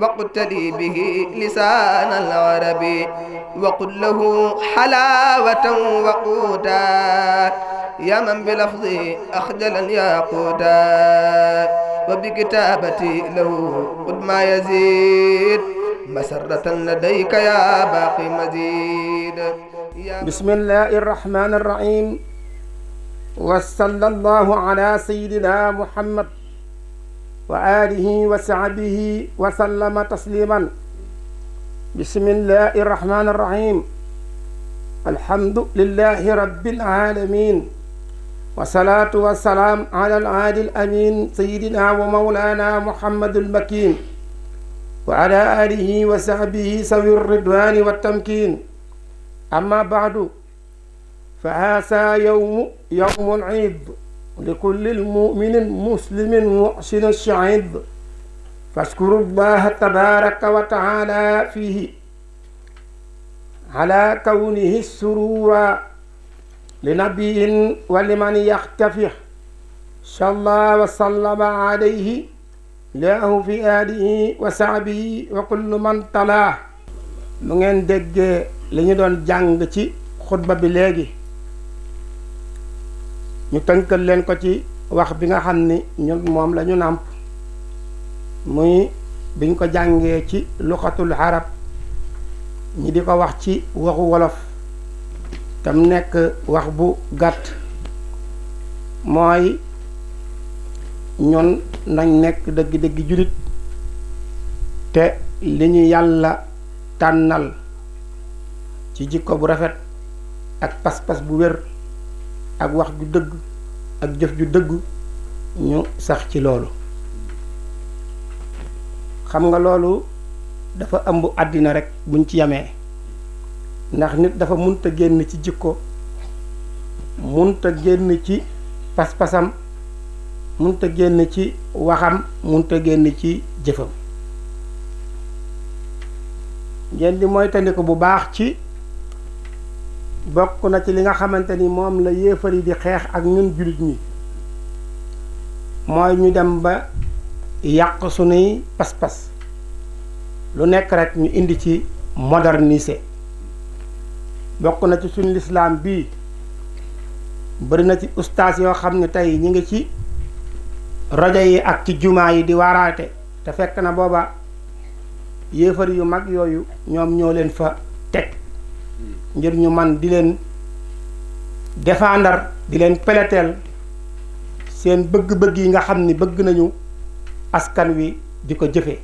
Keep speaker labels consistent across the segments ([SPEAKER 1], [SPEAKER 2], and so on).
[SPEAKER 1] واقتدي به لسان العرب وقل له حلاوة وقودا يا من بلفظ أخجل الياقوتا وبكتابتي له قد ما يزيد مسرة لديك يا باقي مزيد يا بسم الله الرحمن الرحيم وصلى الله على سيدنا محمد وآله وسعبه وسلم تسليما بسم الله الرحمن الرحيم الحمد لله رب العالمين والصلاة والسلام على العاد الأمين سيدنا ومولانا محمد المكين وعلى آله وسعبه سوي الرضوان والتمكين أما بعد فهذا يوم يوم العيد ولكل المؤمن مسلم محسن الشعيب فاشكروا الله تبارك وتعالى فيه على كونه السرور لنبي ولمن يختفه صلى الله وسلم عليه له في آله وصحبه وكل من تلاه nu ngeen déggee li ñu doon jàng ci ñu tënkal leen ko ci wax bi nga xam ni ñun moom lañu nàmp muy biñ ko jàngee ci luxatul arab ñi di ko wax ci waxu wolof tam nekk wax bu gàtt mooy ñun nañ nekk dëgg-dëgg jullit te li ñu yàlla tànnal ci jikko bu rafet ak pas-pas bu wér ak wax ju dëgg ak jëf ju dëgg ñu sax ci loolu xam nga loolu dafa ëmb àddina rek buñ ci yamee ndax nit dafa munta génn ci jikko munta génn ci pas-pasam munta génn ci waxam munta génn ci jëfam ngeen di moytandiku bu baax ci bokk na ci li nga xamante ni moom la yéefar yi di xeex ak ñun jullit ñi mooy ñu dem ba yàq sunuy pas-pas lu nekk rek ñu indi ci moderniser bokk na ci suñu lislaam bii bëri na ci ustaas yoo xam ne tey ñi ngi ci rajo yi ak ci jumaa yi di waraate te fekk na booba yéefar yu mag yooyu ñoom ñoo leen fa teg ngir ñu man di leen défendre di leen peleteel seen bëgg-bëgg yi nga xam ni bëgg nañu askan wi di ko jëfee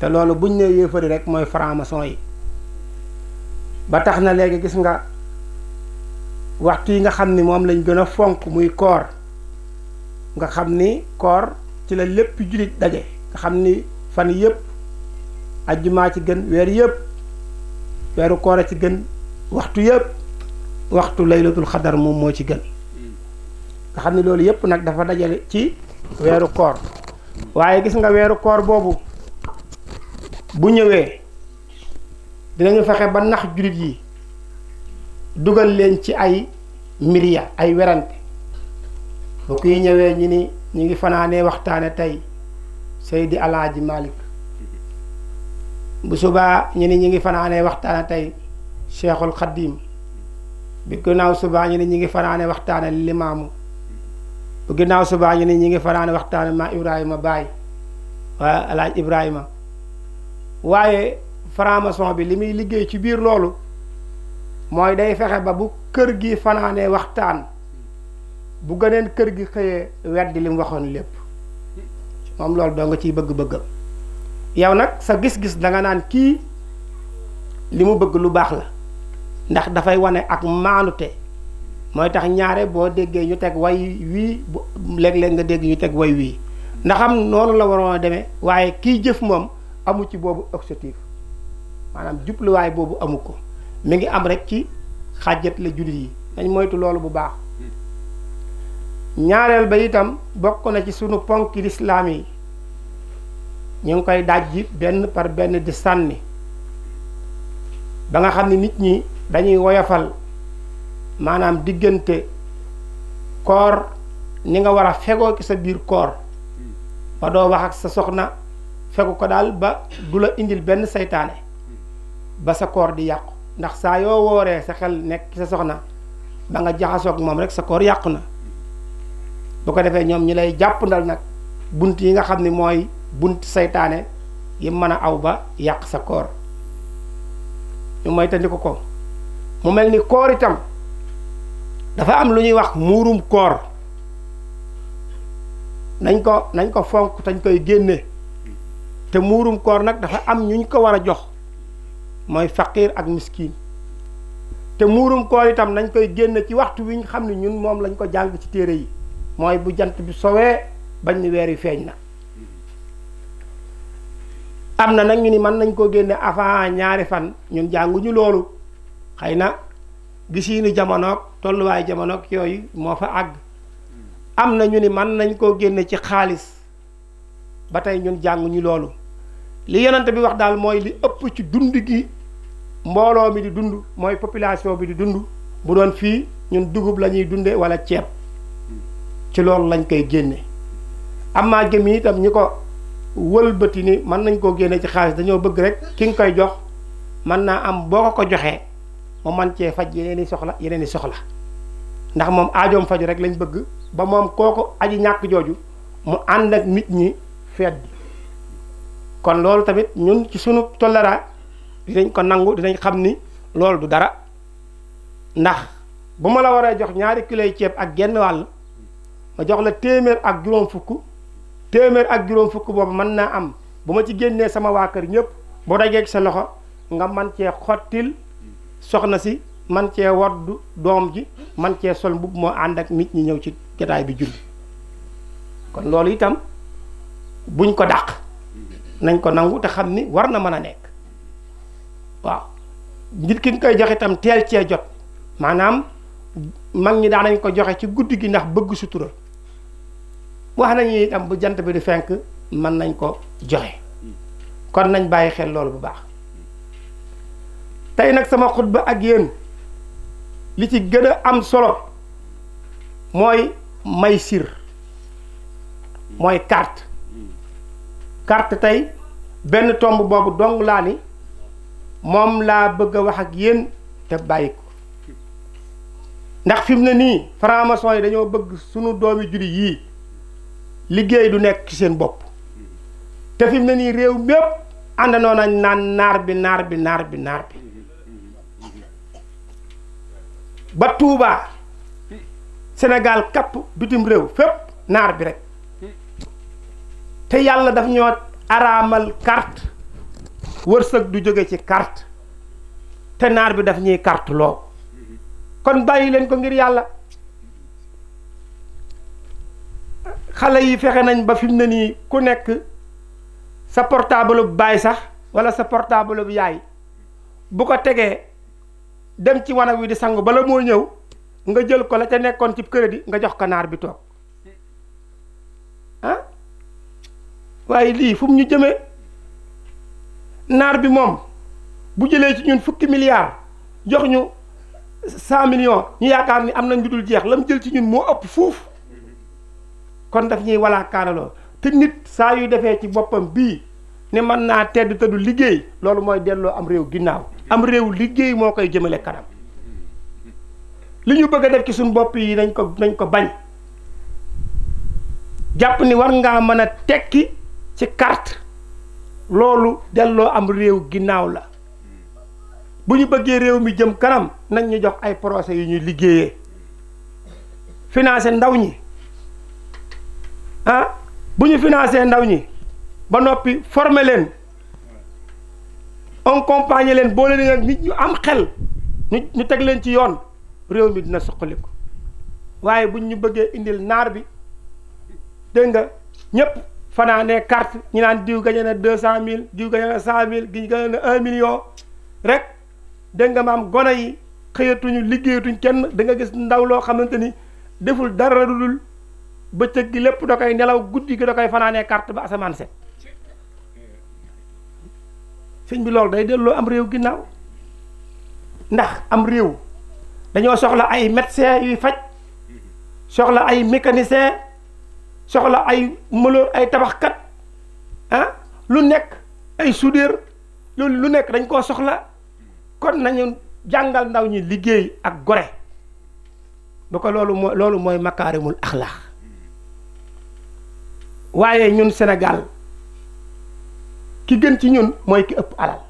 [SPEAKER 1] te loolu buñ nee yéefari rek mooy franc-maçon yi ba tax na léegi gis nga waxtu yi nga xam ni moom lañ gën a fonk muy koor nga xam ni koor ci la lépp julit daje nga xam ni fan yépp ajjumaa ci gën weer yépp wéru koor ci gën waxtu yépp waxtu laylatul xadar moom moo ci gën nga xam ne loolu yépp nag dafa dajale ci wéru koor waaye gis nga wéru koor boobu bu ñëwee dinañu fexe ba nax jurit yi dugal leen ci ay miriya ay werante bu kuy ñëwee ñu ni ñu ngi fanaanee waxtaane tey Seydi Alaaji Malik bu subaa ñu ni ñi ngi fanaanee waxtaana tey cheikhul xaddim bu ginnaaw subaa ñu ni ñi ngi fanaane waxtaana limaamu bu ginnaaw subaa ñu ni ñi ngi fanaane waxtaana ma ibrahima baay waa alaaj ibrahima waaye franc-maçon bi li muy liggéey ci biir loolu mooy day fexe ba bu kër gi fanaanee waxtaan bu gëneen kër gi xëyee weddi waxoon lépp moom loolu ciy bëgg yow nag sa gis-gis danga naan kii li mu bëgg lu baax la ndax dafay wane ak maanute mooy tax ñaare boo déggee ñu teg way wii léeg-léeg nga dégg ñu teg woy wii ndax am noonu la waroon a demee waaye kiy jëf moom amu ci boobu objectif maanaam jubluwaay boobu amu ko mu ngi am rek ci xàjjat la jullit yi dañ moytu loolu bu baax ñaareel ba itam bokk na ci sunu ponk lislaam yi ñu ngi koy dajji benn par benn di sànni ba nga xam ni nit ñi dañuy woyofal maanaam diggante koor ni nga war a fegoo ci sa biir koor ba doo wax ak sa soxna fegu ko daal ba du la indil benn seytaane ba sa koor di yàqu ndax saa yoo wooree sa xel nekk ci sa soxna ba nga jaxasoog moom rek sa koor yàqu na bu ko defee ñoom ñi lay jàpp ndal nag bunt yi nga xam ni mooy bunt seytaane yi mën a aw ba yàq sa koor ñu moytandiku ko ko mu mel ni koor itam dafa am lu ñuy wax muurum koor nañ ko nañ ko fonk tañ koy génne te muurum koor nag dafa am ñu ñu ko war a jox mooy faqiir ak miskin te muurum koor itam nañ koy génne ci waxtu wi ñu xam ne ñun moom lañ ko jàng ci téere yi mooy bu jant bi soowee bañ ni weer yi feeñ na am na nag ñu ni mën nañ koo génne avant ñaari fan ñun jànguñu loolu xëy na gisiinu jamonoog tolluwaay jamonoog yooyu moo fa àgg am na ñu ni mën nañ koo génne ci xaalis ba tey ñun jànguñu loolu li yonent bi wax daal mooy li ëpp ci dund gi mbooloo mi di dund mooy population bi di dund bu doon fii ñun dugub lañuy dunde wala ceeb ci loolu lañ koy génne am maa gëm itam ñi ko wëlbati ni mën nañ koo génne ci xaalis dañoo bëgg rek ki nga koy jox mën naa am boo ko ko joxee mu man cee faj yeneen i soxla yeneen i soxla ndax moom aajoom faju rek lañ bëgg ba moom kooku aji ñàkk jooju mu ànd ak nit ñi feet kon loolu tamit ñun ci sunu tollera dinañ ko nangu dinañ xam ni loolu du dara ndax bu ma la waree jox ñaari kilo ceeb ak genn wàll ma jox la téeméer ak juróom fukk téeméer ak juroom fukk bobu man na am bu ma ci génnee sama wa kër ñëpp dajé ak sa loxo nga man ci xottil soxna si man ci waddu doom ji man ci sol mbub mo and ak nit ñi ñëw ci jotaay bi jull kon loolu itam buñ ko dàq nañ ko nangu te xam ni war na mën a nekk waaw nit ki nga koy joxe itam teel cee jot maanaam mag ñi ko joxe ci guddi gi ndax bëgg sutura wax nañu itam bu jant bi di fenk mën nañ ko joxe kon nañ bàyyi xel loolu bu baax tey nag sama ba ak yéen li ci gën a am solo mooy may sir mooy carte carte tey benn tomb boobu dong laa ni moom laa bëgg a wax ak yéen te bàyyi ko ndax fi mu ne nii franc yi dañoo bëgg sunu doomi julli yii liggéey du nekk ci seen bopp te fi mu ne nii réew mépp àndandoo nañ naan naar bi naar bi naar bi naar bi ba Touba Sénégal kapp bitim réew fépp naar bi rek te yàlla daf ñoo araamal carte wërsëg du jóge ci carte te naar bi daf ñuy carte loo kon bàyyi ko ngir yàlla xale yi fexe nañ ba fi mu ne nii ku nekk sa portable bu baay sax wala sa portable bu yaay bu ko tegee dem ci wanag wi di sangu bala moo ñëw nga jël ko la ca nekkoon ci crédit nga jox ko naar bi toog ah? waaye lii fu mu ñu jëmee naar bi moom bu jëlee ci ñun fukki milliards jox ñu cent millions ñu yaakaar ni am nañ lu dul jeex la mu jël ci ñun moo ëpp fuuf. kon daf ñuy wala karalo te nit sa yu defé ci bopam bi ne man na tedd te du liggéey loolu mooy delloo am réew ginnaaw am réew liggéey moo koy jëmale kanam li ñu bëgg def ci suñu bopp yi nañ ko nañ ko bañ jàpp ni war ngaa mën a tekki ci carte loolu delloo am réew ginnaaw la bu ñu bëggee réew mi jëm kanam nañ ñu jox ay procès yu ñuy liggéeyee financé ndaw ñi ah bu ñu financé ndaw ñi ba noppi former leen accompagner leen boole leen nit ñu am xel ñu ñu teg leen ci yoon réew mi dina suqali ko waaye buñ ñu bëggee indi naar bi dégg nga ñëpp fanaanee carte ñu naan diw gañe na deux cent mille diw gañe na mille gi gañe na un million rek dégg nga maam gone yi xëyatuñu liggéeyatuñ kenn da gis ndaw loo xamante ni deful dara lu dul bëccëg gi lépp da koy nelaw guddi gi da koy fanaanee carte ba asamaan set señ bi loolu day delloo am réew ginnaaw ndax am réew dañoo soxla ay médecin yuy faj soxla ay mécanicien soxla ay mëloor ay tabaxkat ah lu nekk ay soudeur loolu lu nekk dañ koo soxla kon nañu jàngal ndaw ñi liggéey ak gore ba ko loolu moo loolu mooy makaarimul axlaax waaye ñun senegaal ki gën ci ñun mooy ki ëpp alal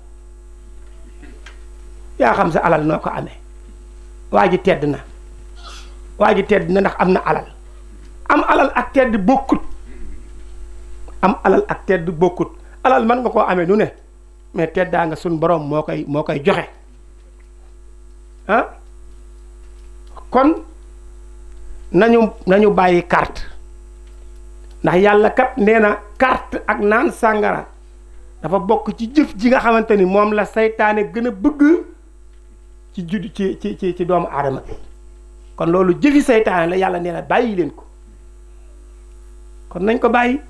[SPEAKER 1] yaa xam sa alal noo ko amee waa ji tedd na waa ji tedd na ndax am na alal am alal ak tedd bokkut am alal ak tedd bokkut alal man nga koo amee nu ne mais teddaa nga sun borom moo koy moo koy joxe ah kon nañu nañu bàyyi carte ndax yàlla kat nee na carte ak naan sàngara dafa bokk ci jëf ji nga xamante ni moom la saytaane gën a bëgg ci judd ci ci ci ci doomu aadama kon loolu jëfi saytaane la yàlla nee na bàyyi leen ko kon nañ ko bàyyi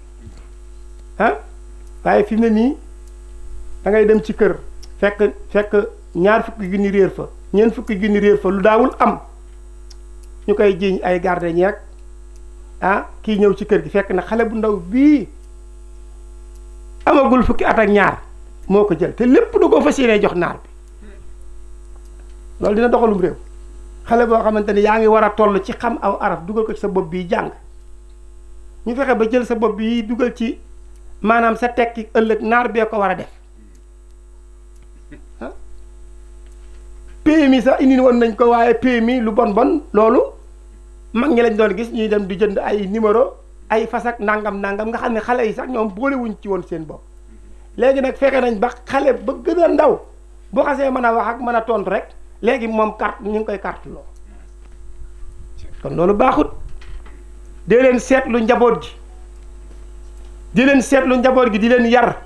[SPEAKER 1] ah waaye fi mu ne nii da ngay dem ci kër fekk fekk ñaar fukki junni réer fa ñeent fukki junni réer fa lu daawul am ñu koy ay gardien ah kii ñëw ci kër gi fekk na xale bu ndaw bii amagul fukki at ak ñaar moo ko jël te lépp du ko fas yéenee jox naar bi loolu dina doxalum réew xale boo xamante ni yaa ngi war a toll ci xam aw araf dugal ko ci sa bopp bii jàng ñu fexe ba jël sa bopp bii dugal ci maanaam sa tekki ëllëg naar bee ko war a def ah. mi sax indi woon nañ ko waaye PMI lu bon bon loolu mag ñi lañ doon gis ñuy dem di jënd ay numéro ay fas ak nangam nangam nga xam ne xale yi sax ñoom boolewuñ ci woon seen bopp léegi nag fexe nañ ba xale ba gën a ndaw bu xasee mën a wax ak mën a tontu rek léegi moom carte ñu ngi koy carte kon loolu baaxut di leen seetlu njaboot gi di leen seetlu njaboot gi di leen yar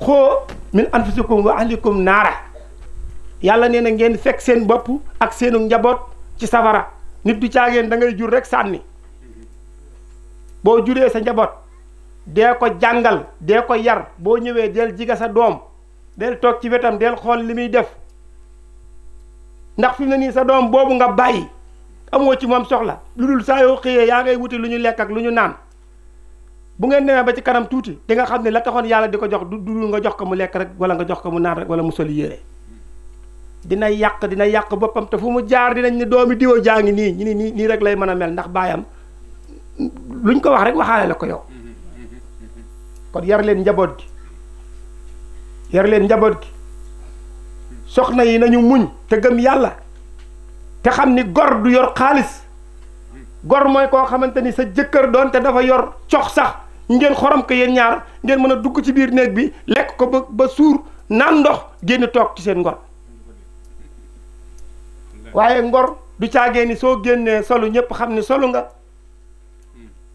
[SPEAKER 1] xoo min anfusikum wa ahlikum naara yàlla nee na ngeen fekk seen bopp ak seenu njaboot ci safara nit du ciagne da ngay jur rek sanni bo juré sa njabot dé ko jangal dé ko yar bo ñëwé del jiga sa dom del tok ci wetam del xol limi def ndax fi ni sa dom bobu nga bayyi amoo ci mom soxla lulul sa yo xiyé ya ngay wuti luñu lek ak luñu naan bu ngeen demee ba ci kanam tuuti di nga xamné la taxone yalla diko jox du nga jox ko mu lek rek wala nga jox ko mu naan rek wala mu soli yéré dina yak dina yak bopam te fumu jaar dinañ ni doomi diwo jaa ni ni ni rek lay mën mel ndax bayam, luñ ko wax rek waxale la ko yow kon yar len njabot gi yar len njabot gi soxna yi nañu muñ te gem yalla te xamni gor du yor kalis, gor moy ko xamanteni sa jëkkeer doon te dafa yor ciox sax ngeen xoram ko yeen ñaar ngeen mën dugg ci biir neeg bi lek ko ba sour nan ndox génn ci seen ngor waaye ngor du caagee ni soo génnee solu ñëpp xam ni solu nga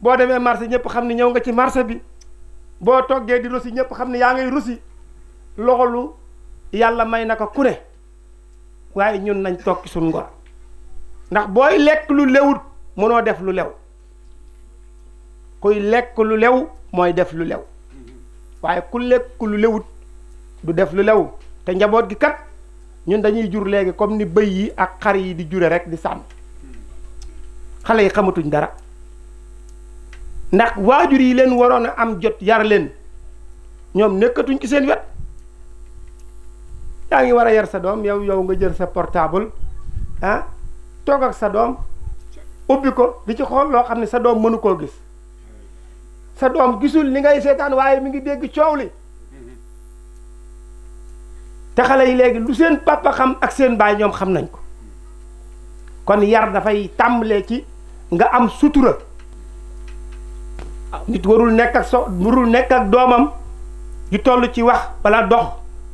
[SPEAKER 1] boo demee marché ñëpp xam ni ñëw nga ci marché bi boo toggee di rusi ñëpp xam ni yaa ngay rusi loolu yàlla may na ko ku ne waaye ñun nañ toog ci suñ ngor ndax booy lekk lu lewut mënoo def lu lew kuy lekk lu lew mooy def lu lew waaye ku lekk lu lewut du def lu lew te njaboot gi kat ñun dañuy jur légui comme ni beuy yi ak xar yi di juré rek di sam xalé yi xamatuñ dara ndax wajur yi leen warona am jot yar leen ñom nekkatuñ ci seen wet yaa ngi yar sa dom yow yow nga jël sa portable ah tok ak sa dom ubbi ko di ci xol lo xamni sa dom mënu ko gis sa dom gisul li ngay sétane waye mi ngi dégg ciowli te xale yi léegi lu seen papa xam ak seen baay ñoom xam nañ ko kon yar dafay tàmbalee ci nga am sutura ah. nit warul nekk ak so warul nekk ak doomam ju toll ci wax walla dox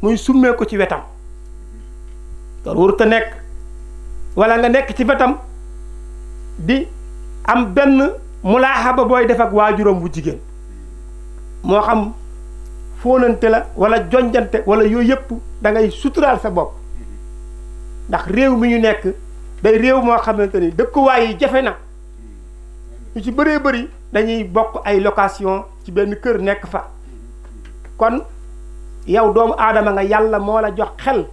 [SPEAKER 1] muy summee ko ci wetam loolu warut nekk walla nga nekk ci wetam bi am benn xaba booy def ak waajuram bu jigéen moo xam fóonante la wala jonjante wala yooyu yëpp da ngay suturaal sa bopp ndax réew mi ñu nekk day réew moo xamante ni dëkkuwaay yi jafe na ñu ci bëree bëri dañuy bokk ay location ci benn kër nekk fa kon yow doomu aadama nga yàlla moo la jox xel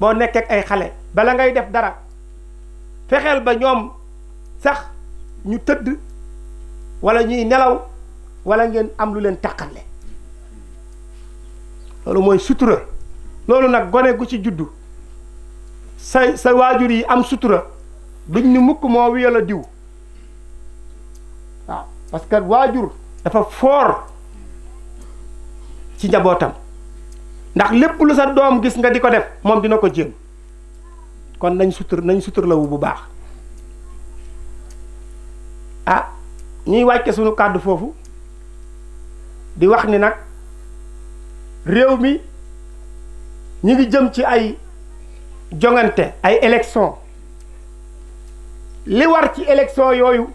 [SPEAKER 1] boo nekkee ay xale bala ngay def dara fexeel ba ñoom sax ñu tëdd wala ñuy nelaw wala ngeen am lu leen taqale loolu mooy sutura loolu nag gone gu ci juddu sa sa waajur yi am sutura duñ ni mukk moo wiyal diw waaw parce que waajur dafa foor ci njabootam ndax lépp lu sa doom gis nga di ko def moom dina ko jéem kon nañ sutur nañ sutur la wu bu baax ah ñuy wàcce sunu kàddu foofu di wax ni nag réew mi ñu ngi jëm ci ay jongante ay élection li war ci élection yooyu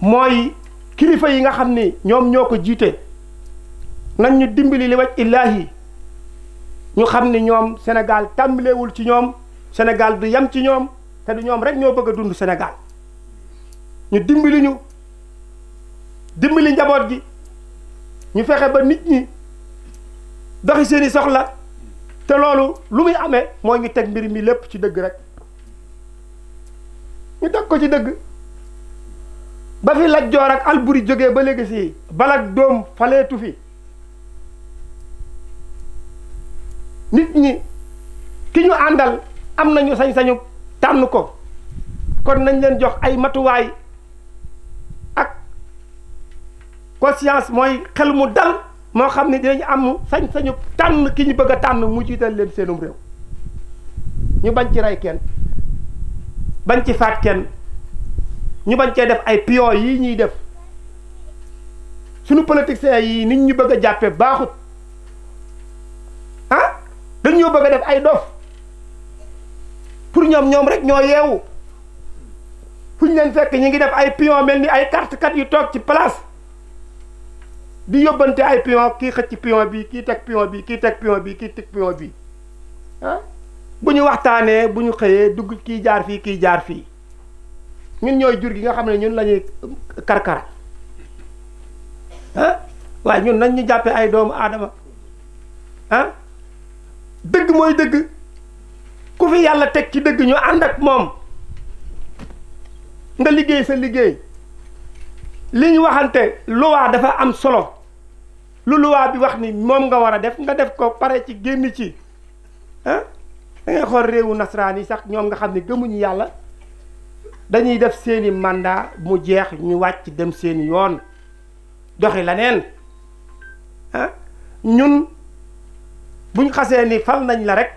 [SPEAKER 1] mooy kilifa yi nga xam ni ñoom ñoo ko jiite nañ ñu dimbali li waj illaahi ñu xam ni ñoom Sénégal tàmbalewul ci ñoom Sénégal du yem ci ñoom te du ñoom rek ñoo bëgg a dund senegaal ñu dimbali ñu dimbali njaboot gi ñu fexe ba nit ñi doxi seeni i soxla te loolu lu muy amee mooy ngi teg mbir mi lépp ci dëgg rek ñu teg ko ci dëgg ba fi Lat Joor ak Alburi jógee ba léegi si bala doom faleetu fi nit ñi ki ñu àndal am nañu sañ-sañu tànn ko kon nañ leen jox ay matuwaay ak conscience mooy xel mu dal moo xam ne dinañ am sañ-sañu tànn ki ñu bëgg a tànn mu jiital leen seenum réew ñu bañ ci rey kenn bañ ci faat kenn ñu bañ cee def ay pion yi ñuy def suñu politiciens yi nit ñu bëgg a jàppe baaxut ah dañ ñoo bëgg a def ay dof pour ñoom ñoom rek ñoo yeewu fu ñu leen fekk ñu ngi def ay pion mel ni ay carte kat yu toog ci place di yóbbante ay pion kii xëcc piyon bi kii teg pion bi kii teg pion bi kii teg pion bi ah? bu ñu waxtaanee bu ñu xëyee dugg kii jaar fii kii jaar fii ñun ñooy jur gi nga xam ne ñun la ñuy karkara ah? waaye ñun nañ ñu jàppee ay doomu aadama ah? dëgg mooy dëgg ku fi yàlla teg ci dëgg ñu ànd ak moom nga liggéey sa liggéey li ñu waxante loi dafa am solo lu luwaa bi wax ni moom nga war a def nga def ko pare ci génn ci ah xool réewu nasaraan yi sax ñoom nga xam ne gëmuñu yàlla dañuy def seeni mandat mu jeex ñu wàcc dem seeni yoon doxi la neen ñun buñ xasee ni fal nañ la rek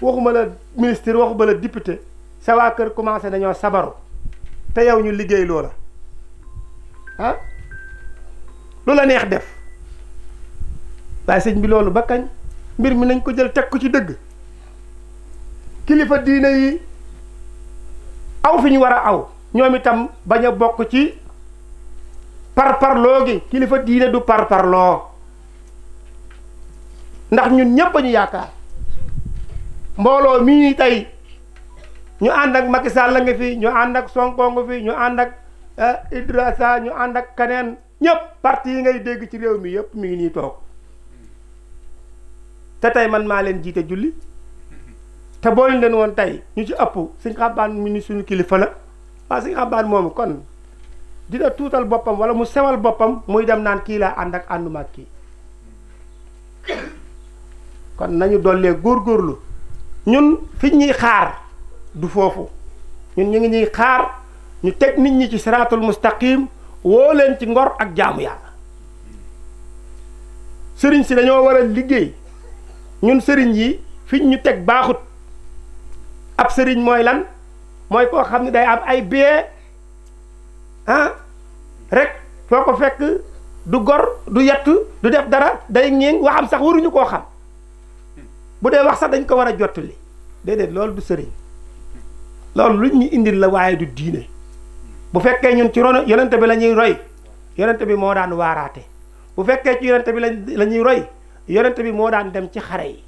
[SPEAKER 1] waxuma la ministre waxuma la député sa waa kër commencé nañoo sabaru te yow ñu liggéey loola Lola la neex def waaye señ bi lolu bakagn mbir mi nañ ko jël tek ko ci deug kilifa diine yi aw fiñu wara war a aw ñoom itam bañ a bokk par-par gi kilifa diine du lo ndax ñun ñepp ñu yaakaar mi ni tay ñu and ak Macky Sall la nga fi ñu and ak Sonko nga fi ñu and ak eh, Idrissa ñu and ak kanen ñépp parti yi ngay dégg ci réew mi yëpp mu ngi nii toog te tey man maa leen jiite julli te boo leen woon tey ñu ci ëpp suñ xabaan mu ni suñu kilifa la waa suñ xabaan moomu kon dina tuutal boppam wala mu sewal boppam muy dem naan kii laa ànd ak ànduma ak kii kon nañu dollee góorgóorlu ñun fi ñuy xaar du foofu ñun ñu ngi ñuy xaar ñu teg nit ñi ci siraatul mustaqim woo leen ci ngor ak jaamu yàlla sëriñ si dañoo war a liggéey ñun sëriñ yi fi ñu teg baaxut ab sëriñ mooy lan mooy koo xam ne day am ay bee ah rek foo ko fekk du gor du yett du def dara day ñeeng waxam sax waruñu koo xam bu dee wax sax dañ ko war a jottali déedéet lool du sëriñ loolu lu ñu indil la waaye du diine bu fekke ñun ci ron yonent bi lañuy roy yonent bi mo daan waaraate bu fekke ci yonent bi lañuy roy yonent bi mo daan dem ci xare yi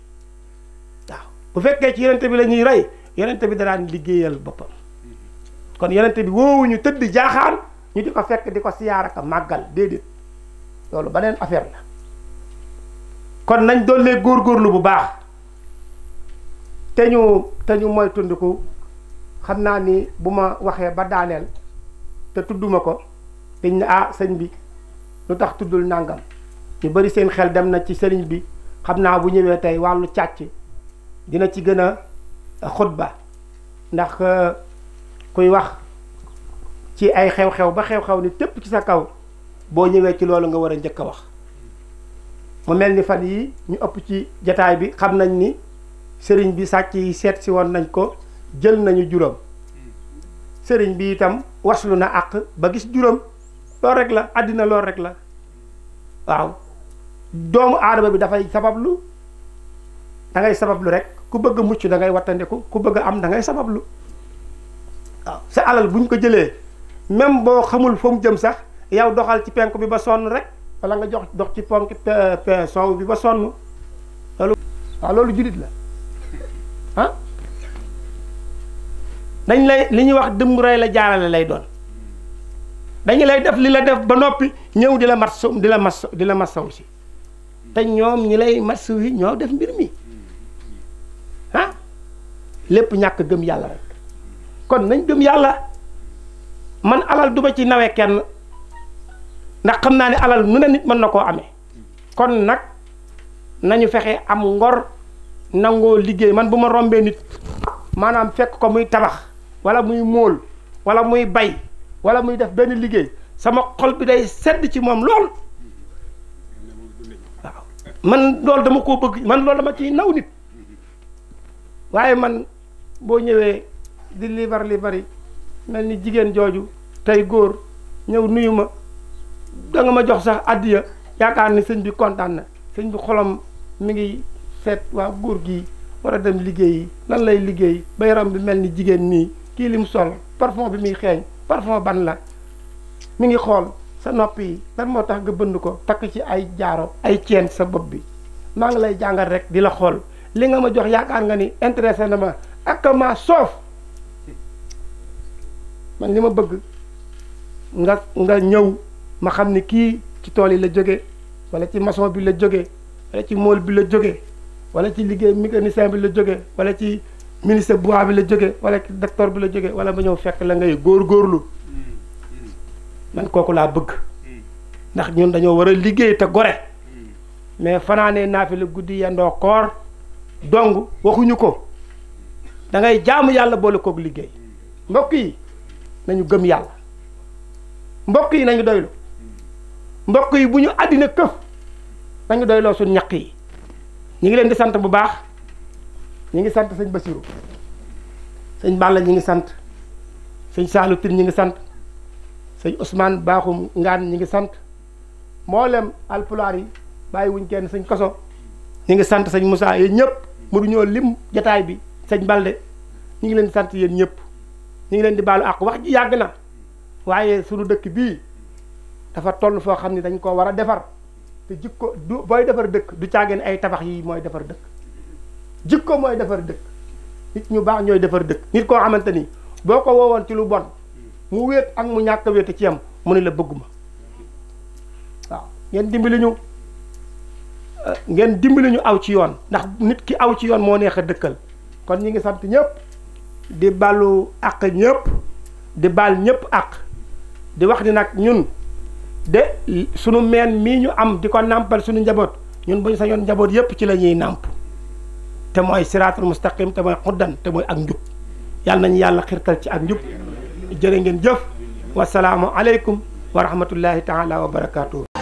[SPEAKER 1] waaw bu fekke ci yonent bi lañuy roy yonent bi daan liggéeyal bopam kon yonent bi ñu tedd jaaxaan ñu diko fekk di siyar ak magal déedéet lolu beneen affaire la kon nañ gor góorgóorlu bu baax te ñu te ñu moytundiku xam ni buma waxe ba daaneel te tudduma ko dañ ne ah sëñ bi lu tax tuddul nàngam ñu bari seen xel dem na ci sëriñ bi xam naa bu ñëwee tey wàllu càcc dina ci gën a ba ndax euh, kuy wax ci ay xew-xew ba xew-xew ni tépp ci sa kaw boo ñëwee ci loolu nga war a njëkk a wax mu mel ni fan yi ñu ëpp ci jataay bi xam nañ ni sëriñ bi sàcc yi seet si woon nañ ko jël nañu juróom sëriñ bi itam waslu na àq ba gis juróom loolu rek la àddina loolu rek la waaw doomu aadama bi dafay sabablu da ngay sabablu rek ku bëgg mucc da ngay wattandiku ku bëgg am da ngay sabablu waaw sa alal buñ ko jëlee même boo xamul fa mu jëm sax yow doxal ci penk bi ba sonn rek wala nga jox dox ci ponk soow bi ba sonn loolu waaw loolu la ah dañ lay li ñuy wax dëmm rey la jaarale lay doon dañ lay def li la def ba noppi ñew di la mat di la mas di la masaw si te ñoom ñi lay mat wi ñoo def mbir mi ha ah? lepp ñak gëm yalla rek kon nañ gëm yalla man alal duma ci nawé kenn ndax xamna ni alal mu ne nit man nako amé kon nak nañu fexé am ngor nango liggéey man buma rombé nit manam fekk ko muy tabax wala muy móol wala muy bay wala muy def benn liggéey sama xol bi day sedd ci moom lool waaw man loolu dama ko bëgg man loolu dama ci naw nit waaye man boo ñëwee di libar libari mel ni jigéen jooju tey góor ñëw nuyu ma danga ma jox sax addiya yaakaar ni sëñ bi kontaan na sëñ bi xolam mi ngi seet waa góor gi war a dem liggéey yi lan lay liggéey ba yaram bi mel ni jigéen nii ki lim sol parfum bi mi xéñ parfum ban la mi ngi xol sa nopi lan mo tax nga bënd ko tak ci ay jaaro ay cien sa bop bi ma nga lay jangal rek di la li nga ma jox yaakar nga ni intéressé na ma ak ma sof man lima ma bëgg nga nga ñëw ma xam ni ci tool yi la joggé wala ci maçon bi la joggé wala ci mool bi la joggé wala ci liggéey mécanicien bi la joggé wala ci ministre bois bi la jóge wala docteur bi la jóge wala ba ñëw fekk la ngay góor góorlu man kooku laa bëgg ndax ñun dañoo war a liggéey te gore mais fanaanee naa fi la guddi yendoo koor dong waxuñu ko dangay ngay jaamu yàlla boole kook liggéey mbokk yi nañu gëm yàlla mbokk yi nañu doylu mbokk yi bu ñu àddina këf nañu doyloo suñ ñaq yi ñu ngi leen di sant bu baax ñi ngi sant sëñ Basiru sëñ Balla ñi ngi sant sëñ Saalu Pir ñi ngi sant sëñ Ousmane Baaxum Ngaan ñi ngi sant mboolem alpulaar yi bàyyiwuñ wuñ kenn sëñ Koso ñi ngi sant sañ sëñ Moussa yéen ñëpp mënuñoo lim jataay bi sëñ Balde ñi ngi leen sant yéen ñëpp ñi ngi leen di baalu àq wax ji yàgg na waaye sunu dëkk bii dafa toll foo xam ne dañ ko war a defar te jikko du booy defar dëkk du caageen ay tabax yi mooy defar dëkk jikko moy defar dekk nit ñu baax ñoy defar dekk nit ko xamanteni boko wowon ci lu bon mu wet ak mu ñak wet ci yam mu ne la bëgguma waaw ngeen dimbali ñu eh, ngeen dimbali ñu aw ci yoon ndax nit ki aw ci yoon mo neex dekkal kon ñi ngi sant ñepp di balu ak ñepp di bal ñepp ak di wax ni nak ñun de sunu men mi ñu am diko nampal sunu njabot ñun buñu sa sañoon njabot yépp ci lañuy nampal te mooy siraatul mustaqim te mooy xuddan te ak njub yàlla nañu yàlla xirtal ci ak njub jërë ngeen jëf wasalaamu aleykum wa rahmatullahi taala wa barakaatu.